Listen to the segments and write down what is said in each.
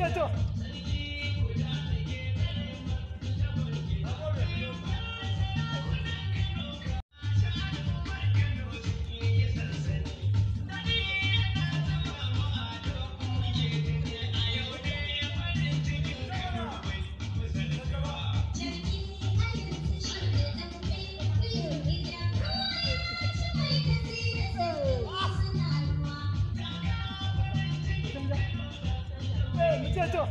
社長ちょ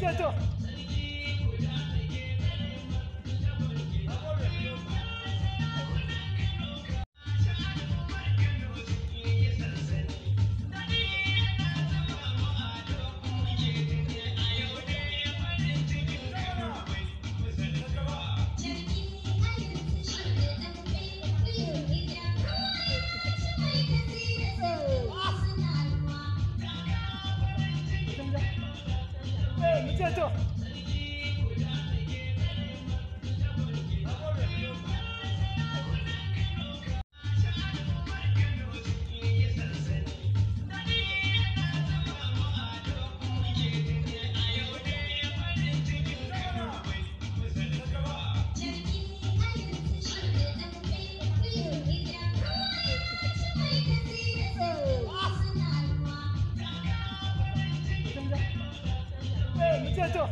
这这。站住站证。